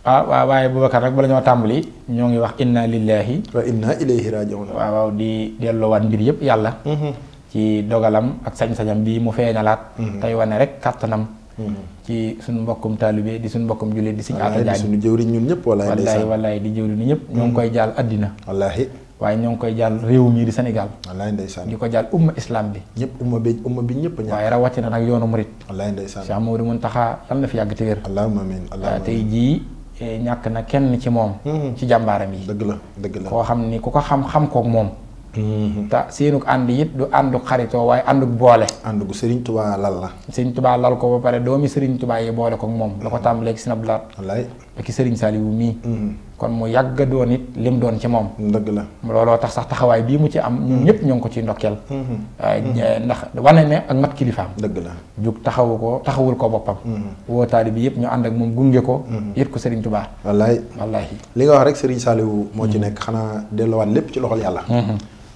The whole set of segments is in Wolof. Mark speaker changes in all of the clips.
Speaker 1: ah waaw waaye Boubacar rek bala ñoo tàmbali ñoo ngi wax inna lillahi wa inna ilayhi rajiun waaw waaw di delloowaat mbir yëpp yàlla mm-hmm. ci dogalam ak sañ-sañam bii mu feeñalaat mm-hmm. tey wane rek kàttanam mm-hmm. ci suñu mbokkum taalibe di suñu mbokkum jullit di siñ aata jaay di suñu jëwriñ
Speaker 2: ñëpp wallaahi
Speaker 1: wallaahi di jëwriñ ñëpp ñoo ngi koy jaal àddina wallaahi waaye ñoo ngi koy jàll réew mii di Sénégal wallaay ko jàll umma islam bi ñëpp umma bi umma bi ñëpp ñaa waaye rawatina nag yoonu murit wallaay ndeysaan Cheikh Maodo Mountakha yal na fi yàgg téwér allahumma tey jii ñàkk na kenn ci moom. Mm-hmm. ci jàmbaaram yi. dëgg la dëgg la koo xam ni ku ko xam xam kook moom. Mm-hmm. te seenug ànd it du àndu xaritoo waaye àndu boole. ànd gu Serigne Touba lal la. Serigne Touba lal ko ba pare doomi Serigne Touba yi boole kook moom. la ko mm-hmm. tàmbaleeg Sinablaat. wallaay ak sëriñ Saliou mii. Mhm. kon mu yàgg doon it lim doon ci moom. dëgg la looloo tax sax taxawaay bii mu ci am. ñun mhm. ñëpp ñoo ngi ko ciy ndokkeel. Mhm. Ah, eh, ndax wane ne ak mat kilifaam. dëgg la jug taxawu ko taxawul ko boppam. woo taali bi yëpp ñu ànd ak moom gunge ko. yët ko sëriñ Tuubaa. wallaay wallaahi li nga wax rek sëriñ Saliou moo
Speaker 2: ci nekk xanaa delluwaat lépp ci loxol yàlla.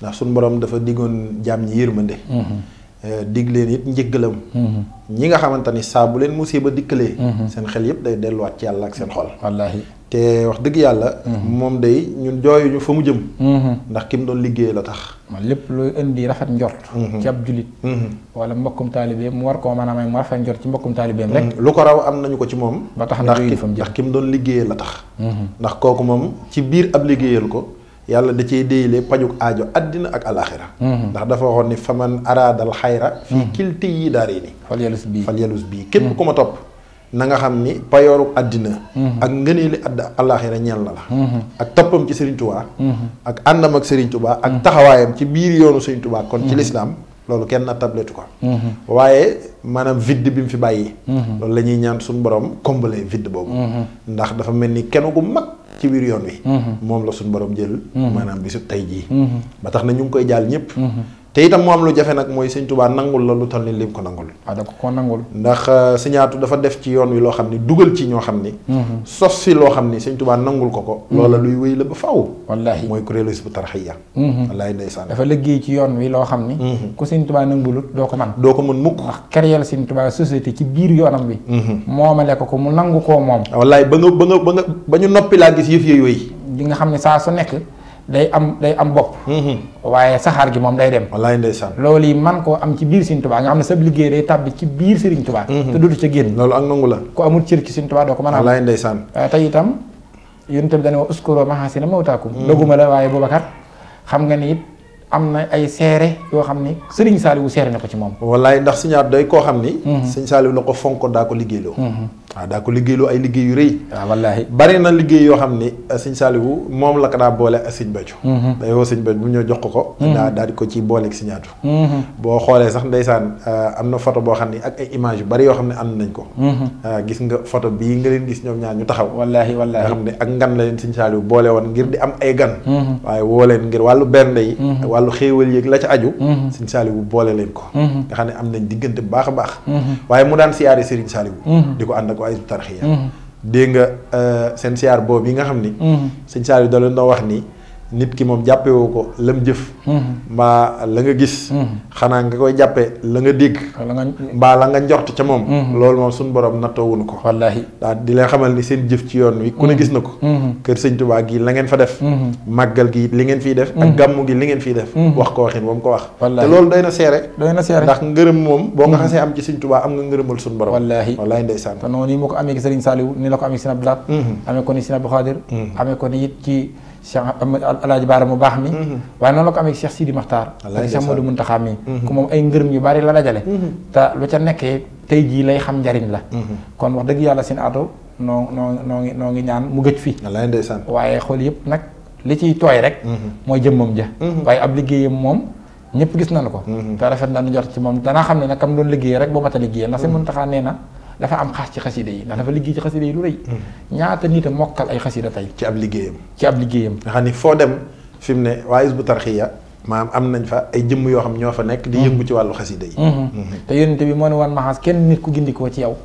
Speaker 2: ndax suñu borom dafa diggoon jaam ñi yërmande. Euh, dig leen it njëggalam mm-hmm. ñi nga xamante ni saa bu leen musiba dikkalee mm-hmm. seen xel yëpp day delluwaat ci yàlla ak seen xol wallaahi te wax dëgg yàlla mm-hmm. moom day ñun jooyuñu fa mu jëm ndax ki mu doon liggéey la
Speaker 1: tax lépp luy indi rafet njort ci ab julit wala mbokkum taalibeem mu war koo mën a may mu rafet njort ci mbokkum taalibeem rek
Speaker 2: lu ko raw am nañu ko ci moom ba tax ndax ki mu doon liggéey la tax ndax kooku moom ci biir ab liggéeyal ko yàlla da cee déyle pajuk aajo addina ak alaxira mhm. ndax dafa waxoon ni faman araadal xayra fii mhm. kilti yi daaree ni falyalus bii falyalus bii képp mhm. ku ma topp na xam ni payooru addina ak ngëneeli add alaxira ñeel na la ak toppam ci Serigne Touba ak àndam ak Serigne Touba ak taxawaayam ci biir yoonu Serigne Touba kon ci lislaam loolu kenn na tabletu ko waaye maanaam vide bi mu fi bàyyi loolu la ñuy ñaan suñu borom combler vide boobu ndax dafa mel ni kenn gu mag ci biir yoon wi. Mm-hmm. moom la suñu borom jël. Mm-hmm. maanaam bisu tey jii. Mm-hmm. ba tax na ngi koy jàll ñëpp. te itam mu am lu jafe nag mooy sëñ Tuubaa nangul la lu toll ni lim ko nangul. waaw ah, da ko ko nangul. ndax euh, siñaatu dafa def ci yoon wi loo xam ni dugal ci ñoo xam ni. Mm-hmm. sos si loo xam ni sëñ Tuubaa nangul ko ko. Mm-hmm. loola luy wéy la ba faaw. wallaahi mooy kuréelu Hizbut Tarqiyyah.
Speaker 1: Mm-hmm. wallaahi ndeysaan. dafa ci yoon wi loo xam ni. ku sëñ Tuubaa nangulut doo ko mën. doo ko mën mukk. ndax créer sëñ Tuubaa société ci biir yoonam bi. moomale ko ko mu nangu koo moom.
Speaker 2: wallaahi ba nga ba nga ba
Speaker 1: nga ba ñu noppi laa gis yëf yooyu. di nga xam ne saa su nekk day am day am bopp. Mm-hmm. waaye saxaar gi moom day dem. wallaay ndeysaan. loolu yi man koo am ci biir Serigne Touba nga xam ne sa liggéey day tàbbi ci biir Serigne Touba. Mm-hmm. te dudu ca génn. loolu ak nangu la. ku amul cër ci Serigne Touba doo ko mën a am. wallaay ndeysaan. tey itam yéen mm-hmm. la waaye Boubacar xam nga ni am na ay seere yoo xam ni Serigne wu seere na ko ci moom.
Speaker 2: wallaay ndax Serigne Abdou day koo xam ni. Serigne Saliou la ko fonk daa ko liggéeyloo. waaw ah, daa ko liggéeyloo ay liggéey yu rëy. Ah, waaw liggéey yoo xam ni eh, sëñ Saliou moom la ko daa boole ak sëñ Béthio. Mm-hmm. day woo sëñ Béthio bu ñëw jox ko ko. Mm-hmm. daa daal di ko ciy mm-hmm. boo xoolee sax ndeysaan eh, am na photo boo xam ni ak ay image yu bari yoo xam ne ànd nañ ko. Eh, gis nga photo bii nga leen gis ñoom ñaar ñu taxaw. wallaahi wallaahi nga xam ne ak ngan la leen sëñ Saliou boole woon ngir di am ay gan. waaye woo leen ngir wàllu bernde yi. wàllu xéewal yeeg la ca aju. sëñ Saliou boole leen ko. nga xam ne a waa Hizbut Tarqiyyah mm-hmm. dégg nga euh, seen siyaar boobu yi nga xam ni. Mm-hmm. sëñ Saliou da leen doon wax ni. nit ki moom jàppewoo ko lam jëf mhm. mbaa la nga gis mhm. xanaa nga koy jàppee la nga dégg mbaa la nga njort ca moom mhm. loolu moom suñu borom nattoowuñu ko wallaahi daal di lay xamal ni seen jëf ci yoon wi ku gis na ko kër sëñ Tuubaa gi la ngeen fa def màggal gi li ngeen fiy def ak gàmmu gi li ngeen
Speaker 1: fiy def wax mu wax te boo nga xasee wallaahi wallaahi ndeysaan noonu moo ko amee ci sëriñ Saliou ni la ko amee ci sëñ Abdou Lahad amee ko ni sëñ Abdou Khadir amee ko ni it ci Cheikh Alaaji Baara mu baax mi mm-hmm. waaye noonu la ko amee Cheikh Sidi Maxtaar ak Cheikh Modou Muntaxa mi mm-hmm. ku moom ay ngërëm yu bari la dajale mm-hmm. te lu ca nekkee tey jii lay xam njariñ la kon wax dëgg yàlla seen ato noo noo noo ngi noo ngi ñaan mu gëj fi waaye xool yëpp nag li ciy tooy rek mooy jëmmam ja waaye ab liggéeyam moom ñëpp gis nañu ko te rafet nañu jot ci moom danaa xam ne nag kam doon liggéey rek boo mat a liggéey ndax si Muntaxa dafa am xass ci xassida yi ndax dafa liggéey ci xassida yi lu rëy ñaata nit a mokkal ay xassida tey ci ab liggéeyam ci ab liggéeyam xani xam foo dem fi mu ne waa Hizbut Tarqiyyah maanaam am nañ fa ay jëmm yoo xam ñoo fa nekk di yëngu ci wàllu xasida yi te yonent bi moo ne woon maxaas kenn nit ku gindikoo ci yow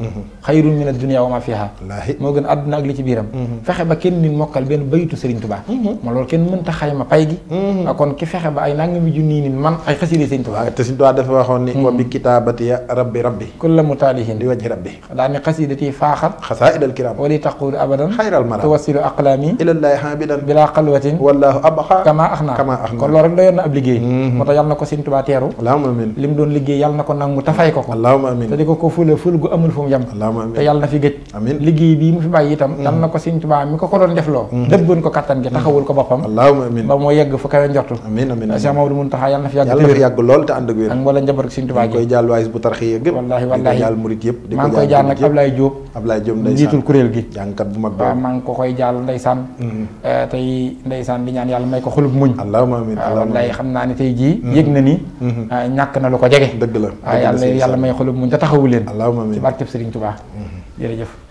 Speaker 1: xayrun min ad-dunya wa ma fiha moo gën àdduna ak li ci biiram fexe ba kenn nit mokkal benn bayitu Sëriñ Tuubaa ma loolu kenn mënta xayma pay gi kon ki fexe ba ay nangami junni nit man ay xasida Sëriñ Tuubaa te Sëriñ Tuubaa dafa waxoon ni wa bi kitaabati rabbi rabbi kulla mutaalihin di wajhi rabbi daa ne xasidati faaxar xasaaidal kiram wali taqulu abadan xayral mara tuwasilu aqlaami ilallaahi xaabidan bila xalwatin wallahu abqa kama axna kon loolu rek doyoon na ab liggéey mhm. moo tax yal na ko Sëriñ Tuubaa teeru li mu doon liggéey yal na ko nangu te fay ko ko te di ko ko fula ful gu amul fu mu yem te yal na fi gëj liggéey bii mu fi bàyyi itam mhm. yal na ko Sëriñ Tuubaa ko ko doon defloo mhm. dëbboon ko kattan gi taxawul ko boppam ba moo yegg fu kawe njortu amiin amiin Cheikh Mamadou yal na fi yàgg
Speaker 2: lool te ànd ak wér
Speaker 1: ak mbooleem njaboot Sëriñ Tuubaa gi koy jaal waayis bu tarxi yëpp wallaahi
Speaker 2: wallaahi di ko jaal murit yëpp maa
Speaker 1: ngi koy jaal nag xam naa ne tey jii. yëg na ni. Mhm. Ah, ñàkk na lu ko jege. dëgg la waaw ah, yàlla yàlla may xolum mu ca taxawu leen. ci barkeb Serigne Touba mhm. jërëjëf.